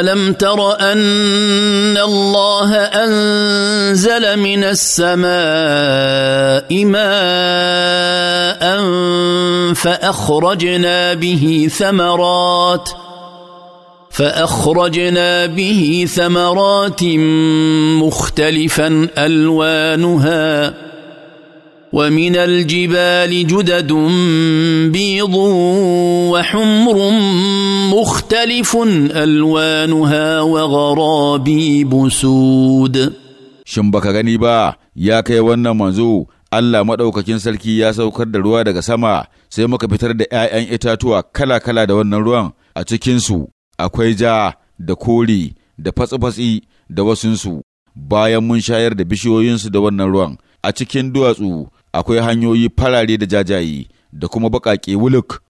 الم تر ان الله انزل من السماء ماء فاخرجنا به ثمرات فاخرجنا به ثمرات مختلفا الوانها ومن الجبال جدد بيض وحمر مختلف ألوانها وغرابيب سود Shin baka gani ba, ya kai wannan manzo, Allah maɗaukakin sarki ya saukar da ruwa daga sama, sai muka fitar da ‘ya'yan itatuwa kala-kala da wannan ruwan a cikinsu, akwai ja da kore, da fatsi da wasunsu, bayan mun shayar da bishiyoyinsu da wannan ruwan, a cikin duwatsu akwai hanyoyi farare da jajaye da kuma baƙaƙe wuluk.